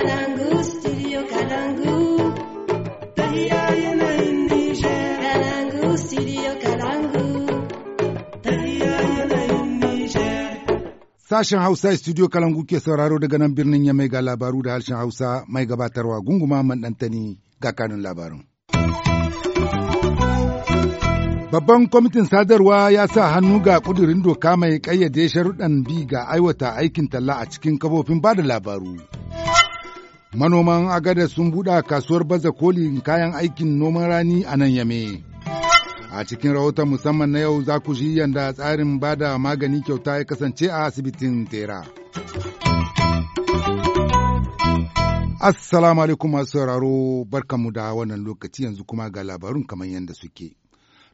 Kalangu, Sashen Hausa studio Kalangu ke sauraro daga nan birnin Yamai ga labaru da harshen Hausa mai gabatarwa gunguma mandantani ga kanun labarin. Babban kwamitin sadarwa ya sa hannu ga kudurin doka mai ƙayyade sharuɗan bi ga aiwata aikin talla a cikin kafofin bada labaru. Manoman agada sun buɗe kasuwar baza kolin kayan aikin noman rani a nan yame. A cikin rahoton musamman na yau za ku shi yanda tsarin bada magani kyauta ya kasance a asibitin tera. Assalamu alaikum masu sauraro barkanmu da wannan lokaci yanzu kuma ga labarun kamar yadda suke.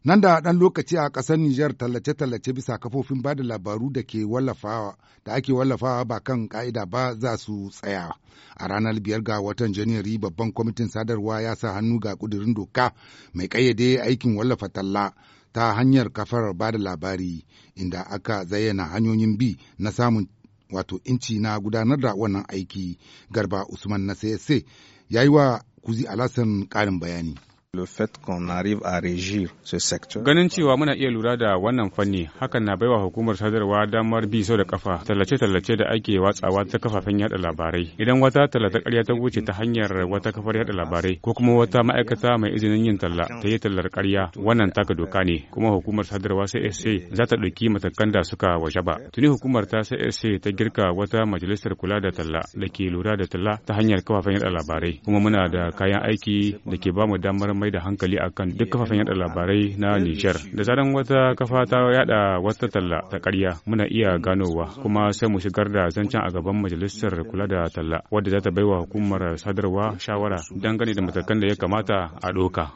Nan da ɗan lokaci a ƙasar Nijar tallace-tallace bisa kafofin bada labaru da ke wallafawa da ake wallafawa ba kan ƙa'ida ba za su tsaya. A ranar biyar ga watan Janairu babban kwamitin sadarwa ya sa hannu ga ƙudurin doka mai ƙayyade aikin wallafa talla ta hanyar kafar da labari inda aka zayyana hanyoyin bi na samun wato inci na gudanar da wannan aiki garba usman na sai ya yi wa kuzi alasan ƙarin bayani. le fait qu'on arrive à régir ce secteur. Ganin cewa muna iya lura da wannan fanni hakan na baiwa hukumar sadarwa damar bi sau da kafa tallace-tallace da ake watsawa ta kafafen yada labarai. Idan wata tallata ƙarya ta wuce ta hanyar wata kafar yada labarai ko kuma wata ma'aikata mai izinin yin talla ta yi tallar ƙarya wannan taka doka ne kuma hukumar sadarwa CSA za ta ɗauki matakan da suka waje ba. Tuni hukumar ta CSA ta girka wata majalisar kula da talla da ke lura da talla ta hanyar kafafen yada labarai kuma muna da kayan aiki da ke bamu damar mai mai da hankali akan duk kafafen yada labarai na Nijar. Da zaran wata kafa ta yada wata talla ta karya muna iya ganowa kuma sai mu shigar da zancen a gaban majalisar kula da talla wadda za ta bai wa hukumar sadarwa shawara dangane da matakan da ya kamata a doka.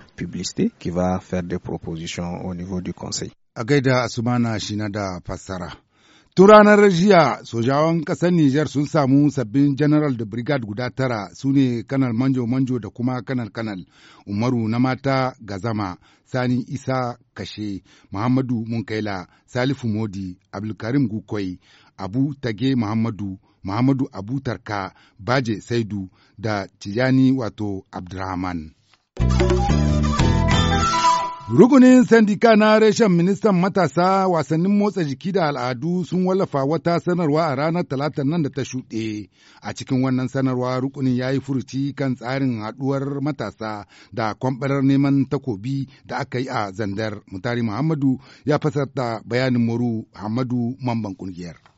va A gaida Asumana shi na da fassara. Tun ranar jiya sojawan ƙasar Nijar sun samu sabbin general da brigade guda tara su ne kanal manjo-manjo da kuma kanal-kanal Umaru na mata Gazama, Sani Isa Kashe, Muhammadu Munkaila, Salifu Modi, Abdulkarim Gukwai, Abu Tage Muhammadu, Muhammadu Abu Tarka, Baje Saidu da Tijani wato Abdurrahman. Rukunin sandika na reshen ministan matasa wasannin motsa jiki da al'adu sun wallafa wata sanarwa a ranar talatan nan da ta shuɗe. A cikin wannan sanarwa rukunin ya yi furuci kan tsarin haɗuwar matasa da kwamɓarar neman takobi da aka yi a zandar. Mutari Muhammadu ya fasarta bayanin Moru Hamadu mamban ƙungiyar.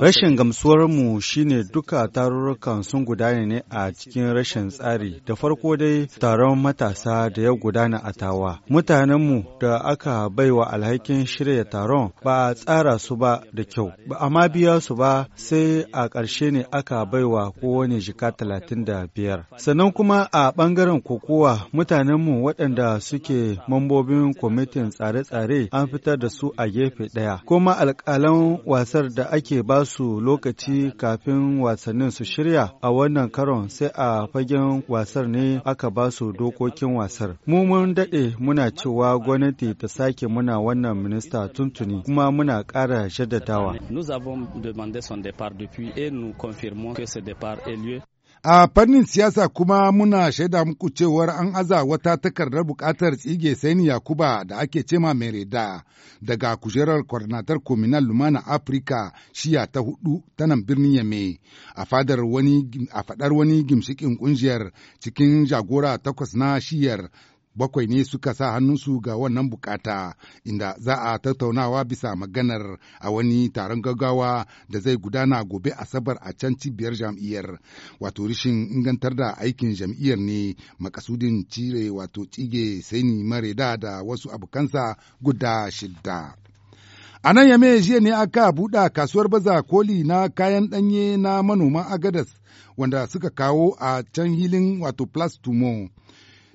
Rashin gamsuwar mu shine duka tarurrukan sun gudana ne a cikin rashin tsari. Da farko dai taron matasa da ya gudana a tawa. mutanen mu da aka baiwa alhakin shirya taron ba a tsara su ba da kyau. Ba a ma biya su ba sai a ƙarshe ne aka baiwa kowane jika talatin da biyar. Sannan kuma a ɓangaren kokowa mu waɗanda suke mambobin kwamitin tsare-tsare an fitar da su a gefe ɗaya. Kuma alƙalan wasar da ake ba su lokaci kafin wasannin su shirya a wannan karon sai a fagen wasar ne aka ba su dokokin wasar. Mu mun daɗe muna cewa gwamnati ta sake muna wannan minista tuntuni kuma muna ƙara shaddadawa. Nous avons demandé son départ depuis et nous confirmons que départ est A fannin siyasa kuma muna shaida muku cewar an aza wata takardar bukatar tsige Saini Yakuba da ake cema Mereda daga kujerar kwarnatar Kominal Lumana Afirka shiya ta hudu ta nan birnin Yame a fadar wani a fadar wani gimshikin kungiyar cikin jagora takwas na shiyar bakwai ne suka sa hannunsu ga wannan bukata inda za a tattaunawa bisa maganar a wani taron gaggawa da zai gudana gobe asabar a can cibiyar jam'iyyar wato rishin ingantar da aikin jam'iyyar ne makasudin cire wato sai ni mareda da wasu abokansa guda shidda. A nan yame jiya ne aka buɗa kasuwar baza koli na kayan ɗanye na manoman agadas wanda suka kawo a can hilin wato plus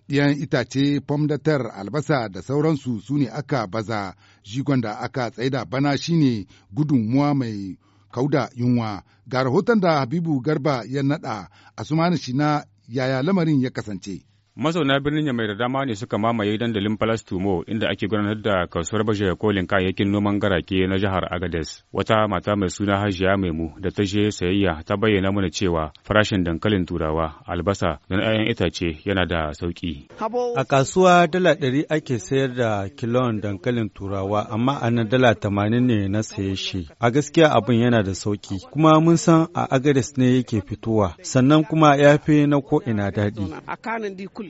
ɗiyan itace fomdatar albasa da sauransu su ne aka baza jigon da aka tsaida bana shine gudunmuwa mai kauda yunwa ga rahoton da habibu garba ya naɗa a sumanishi na yaya lamarin ya kasance. Mazauna birnin mai da dama ne suka mamaye dandalin Palastumo inda ake gudanar da kasuwar baje kolin kayayyakin noman garake na jihar Agades. Wata mata mai suna Hajiya Maimu da ta je sayayya ta bayyana mana cewa farashin dankalin turawa, albasa da 'ya'yan itace yana da sauki. A kasuwa dala ɗari ake sayar da kilon dankalin turawa amma a nan dala tamanin ne na saye shi. A gaskiya abin yana da sauki kuma mun san a Agades ne yake fitowa sannan kuma ya fi na ko ina daɗi.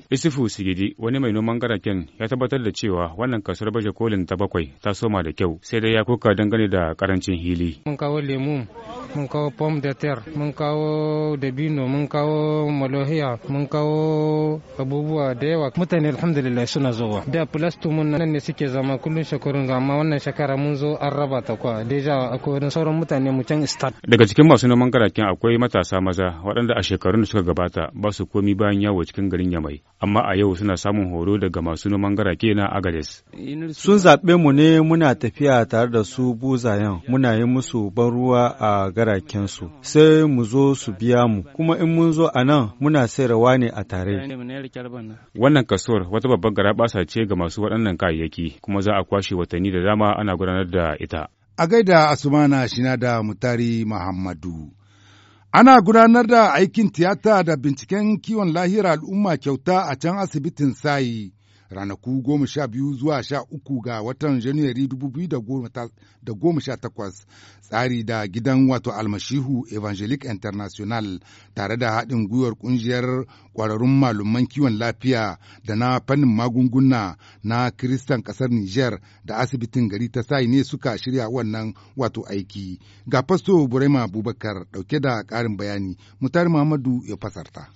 Isufu Sigidi wani mai noman garaken ya tabbatar da cewa wannan kasuwar baje kolin ta bakwai ta soma da kyau sai dai ya kuka dangane da karancin hili. Mun kawo lemu, mun kawo pom de terre, mun kawo dabino, mun kawo malohiya, mun kawo abubuwa da yawa. Mutane alhamdulillah suna zuwa. Da plastu mun nan ne suke zama kullum shekarun ga amma wannan shekara mun zo an raba ta kwa. Deja akwai sauran mutane mu can start. Daga cikin masu noman garaken akwai matasa maza waɗanda a shekarun da suka gabata ba su komi bayan yawo cikin garin Yamai. amma a yau suna samun horo daga masu noman garake na agades sun zaɓe mu ne muna tafiya tare da su buzayen muna yi musu ban ruwa a garakensu sai mu zo su biya mu kuma in mun zo a nan muna sayarwa ne a tare wannan kasuwar wata babbar garabasa ce ga masu waɗannan kayayyaki kuma za a kwashe watanni da dama ana gudanar da ita a gaida asumana shina da mutari muhammadu Ana gudanar da aikin tiyata da binciken kiwon lahira al'umma kyauta a can asibitin sayi ranaku goma sha biyu zuwa sha uku ga watan Janairu dubu biyu da goma sha takwas tsari da gidan wato almashihu Evangelic International tare da haɗin gwiwar ƙungiyar ƙwararrun malaman kiwon lafiya da na fannin magunguna na Kiristan ƙasar Nijar da asibitin gari ta sai ne suka shirya wannan wato aiki. Ga Fasto Burema Abubakar ɗauke da ƙarin bayani, Mutari Muhammadu ya fasarta.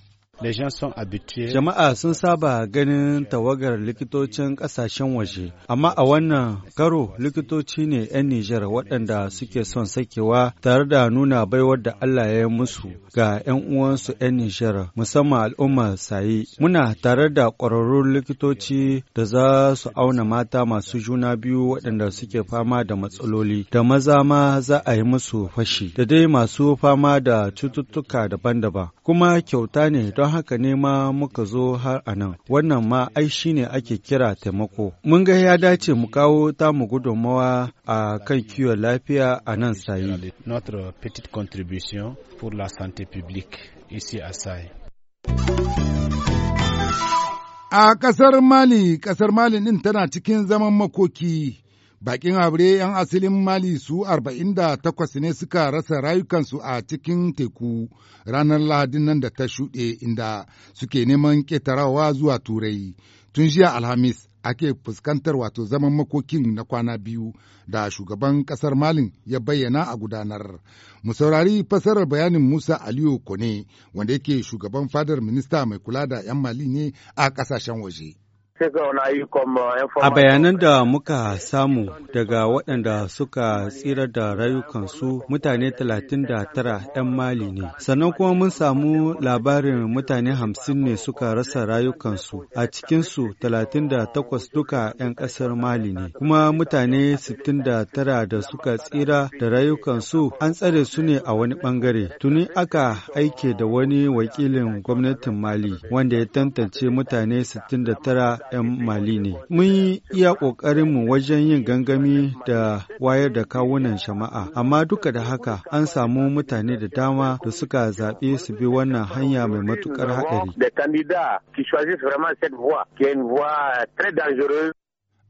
Jama'a sun saba ganin tawagar likitocin ƙasashen waje, amma a wannan karo likitoci ne 'yan Nijar waɗanda suke son sakewa tare da nuna baiwar da Allah ya yi musu ga 'yan uwansu 'yan Nijar musamman al'ummar sayi. Muna tare da ƙwararrun likitoci da za su auna mata masu juna biyu waɗanda suke fama da matsaloli, da maza ma za a yi musu fashi, da dai masu fama da cututtuka daban-daban, kuma kyauta ne don don haka ne ma muka zo har a nan wannan ma ai shi ne ake kira taimako mun ga ya dace mu kawo tamu gudunmawa a kan kiwon lafiya a nan sayi notre petite contribution A ƙasar Mali, ƙasar Mali ɗin tana cikin zaman makoki Bakin abure 'yan asalin Mali su 48 ne suka rasa rayukansu a cikin teku ranar Lahadin nan da ta shuɗe inda suke neman ƙetarawa zuwa Turai. Tun jiya Alhamis ake fuskantar wato zaman makokin na kwana biyu da shugaban ƙasar Malin ya bayyana a gudanar. Mu saurari fasarar bayanin Musa Aliyu Kone wanda yake shugaban fadar minista mai kula da 'yan Mali ne a ƙasashen waje. A bayanan da muka samu daga waɗanda suka tsira da rayukansu mutane 39 'yan Mali ne, sannan kuma mun samu labarin mutane 50 ne suka rasa rayukansu, a cikinsu 38 duka 'yan ƙasar Mali ne, kuma mutane 69 da suka tsira da rayukansu an tsare su ne a wani ɓangare. Tuni aka aike da wani wakilin gwamnatin Mali wanda ya tantance mutane 69 'yan Mali ne. Mun yi iya ƙoƙarinmu wajen yin gangami da wayar da kawunan shama'a, amma duka da haka an samu mutane da dama da suka zaɓe su bi wannan hanya mai matuƙar haɗari.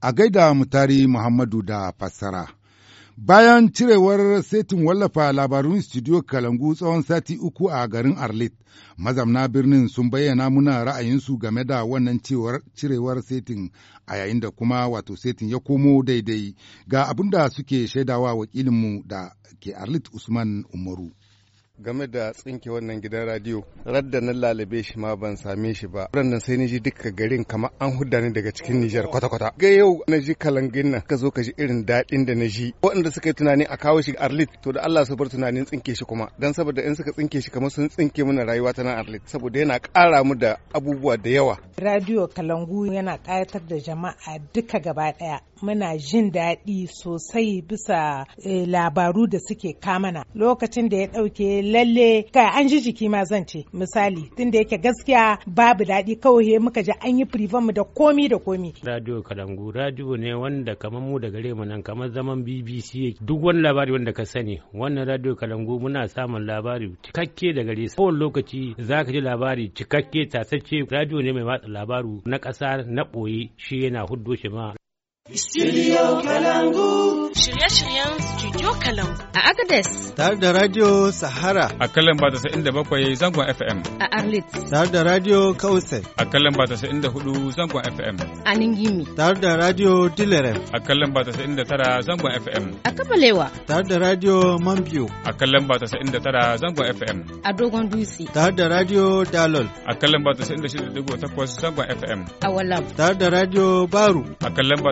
A gaida mutari Muhammadu da fassara. Bayan cirewar setin wallafa labarun studio Kalangu tsawon sati uku a garin Arlit, mazamna birnin sun bayyana muna ra'ayinsu game da wannan cirewar setin a yayin da kuma wato setin ya komo daidai ga abin da suke shaidawa wakilinmu da ke Arlit Usman Umaru. game da tsinke wannan gidan radiyo radda na lalabe shi ma ban same shi ba rannan sai ni ji duka garin kamar an hudda ni daga cikin Nijar kwata-kwata ga yau na ji kalangin nan ka zo ka ji irin daɗin da na ji waɗanda suka yi tunani a kawo shi Arlit to da Allah su bar tunanin tsinke shi kuma dan saboda in suka tsinke shi kamar sun tsinke mana rayuwa ta nan Arlit saboda yana ƙara mu da abubuwa da yawa radio kalangu yana ƙayatar da jama'a duka gaba ɗaya muna jin daɗi sosai bisa eh, labaru da suke kamana lokacin da ya ɗauke lalle kai an ji jiki ma zan ce misali tunda yake gaskiya babu daɗi kawai he muka ji an yi firifan mu da komi da komi. Radio Kalangu radio ne wanda kamar mu da gare mu nan kamar zaman BBC duk wani labari wanda ka sani wannan radio Kalangu muna samun labari cikakke da gare kowan lokaci za ka ji labari cikakke tasacce radio ne mai watsa labaru na ƙasa na ɓoye shi yana huddo shi ma Studio Kalangu. Shirye-shiryen Studio Kalangu. A Agadez. Tare da Radio Sahara. A kalan ba da bakwai zangon FM. A Arlit. Tare da Radio Kausai. A kalan ba da hudu zangon FM. A Ningimi. Tare da Radio Dilerem. A kalan ba da tara zangon FM. A Kabalewa. Tare da Radio Mambiyo. A kalan ba da tara zangon FM. A Dogon Dutse. Tare da Radio Dalol. A kalan ba da shida takwas zangon FM. A Walam. Tare da Radio Baru. A kalan ba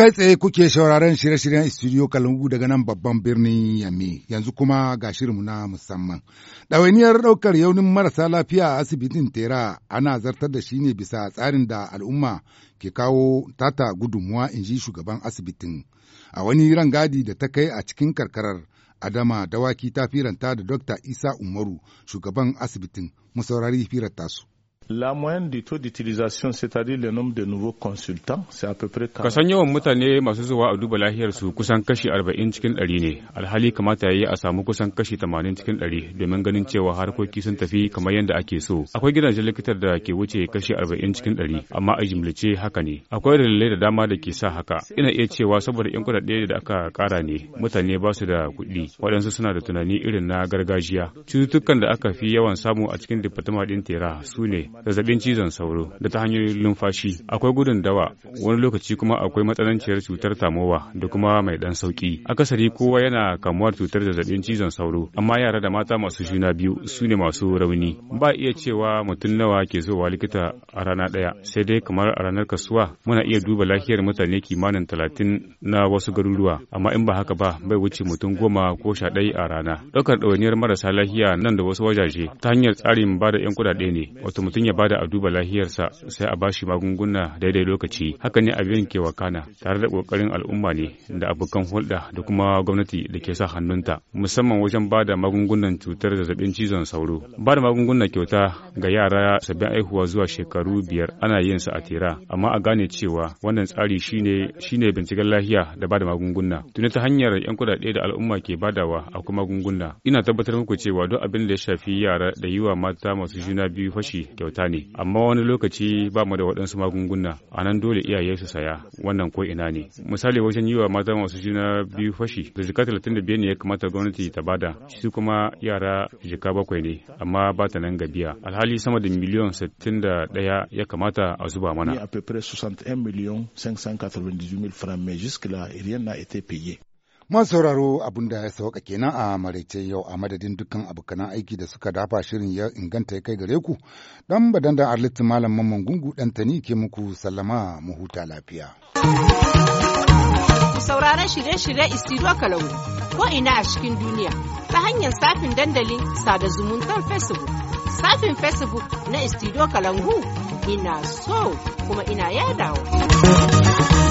kai tsaye kuke shauraren shirye-shiryen studio kalungu daga nan babban birnin yami yanzu kuma ga shirinmu na musamman. Ɗawainiyar ɗaukar yaunin marasa lafiya a asibitin Tera ana zartar da shi ne bisa tsarin da al'umma ke kawo tata gudunmuwa in ji shugaban asibitin. A wani rangadi da ta kai a cikin karkarar Adama Dawaki ta firanta da Dr. Isa Umaru, shugaban asibitin, mu saurari firar tasu. La moyenne du taux d'utilisation, c'est-à-dire le nombre de nouveaux consultants, c'est à peu près 40. Kasan yawan mutane masu zuwa a duba lafiyar su kusan kashi 40 cikin 100 ne. Alhali kamata yayi a samu kusan kashi 80 cikin 100 domin ganin cewa harkoki sun tafi kamar yadda ake so. Akwai gidajen likitar da ke wuce kashi 40 cikin 100, amma a jimlice haka ne. Akwai dalilai da dama da ke sa haka. Ina iya cewa saboda yan kuɗaɗe da aka kara ne, mutane ba su da kuɗi, waɗansu suna da tunani irin na gargajiya. Cututtukan da aka fi yawan samu a cikin dipatama ɗin tera su ne zazzabin cizon sauro da ta hanyoyin lumfashi akwai gudun dawa wani lokaci kuma akwai matsananciyar cutar tamowa da kuma mai dan sauki akasari kowa yana kamuwa da cutar zazzabin cizon sauro amma yara da mata masu juna biyu su ne masu rauni ba iya cewa mutum nawa ke zuwa likita a rana ɗaya sai dai kamar a ranar kasuwa muna iya duba lafiyar mutane kimanin talatin na wasu garuruwa amma in ba haka ba bai wuce mutum goma ko sha a rana ɗaukar ɗawainiyar marasa lafiya nan da wasu wajaje ta hanyar tsarin ba da 'yan kuɗaɗe ne wato mutum mutum ya bada a duba lahiyarsa sai a bashi magunguna daidai lokaci haka ne abin ke wakana tare da kokarin al'umma ne da abokan hulɗa da kuma gwamnati da ke sa hannunta musamman wajen bada magungunan cutar zazzabin cizon sauro bada magungunan kyauta ga yara sabbin aihuwa zuwa shekaru biyar ana yin sa a tera amma a gane cewa wannan tsari shine shine binciken lahiya da bada magunguna tuni ta hanyar yan kuɗaɗe da al'umma ke badawa a kuma magunguna ina tabbatar muku cewa duk abin da ya shafi yara da yi wa mata masu juna biyu fashi kyauta kyauta ne amma wani lokaci ba mu da waɗansu magunguna a nan dole iyaye su saya wannan ko ina ne misali wajen yi wa mata masu juna biyu fashi da jika talatin da biyar ne ya kamata gwamnati ta bada shi kuma yara jika bakwai ne amma ba ta nan gabiya alhali sama da miliyon sittin da ɗaya ya kamata a zuba mana. Man sauraro abun da ya sauka kenan a maraice yau a madadin dukkan abokanan aiki da suka dafa shirin ya inganta ya kai gare ku. Dan badan da arlitin malam mamman gungu dan tani ke muku sallama mu huta lafiya. Sauraron shirye-shirye Isiro Kalau ko ina a cikin duniya ta hanyar safin dandali sada zumuntar Facebook. Safin Facebook na Isiro Kalangu ina so kuma ina yadawa.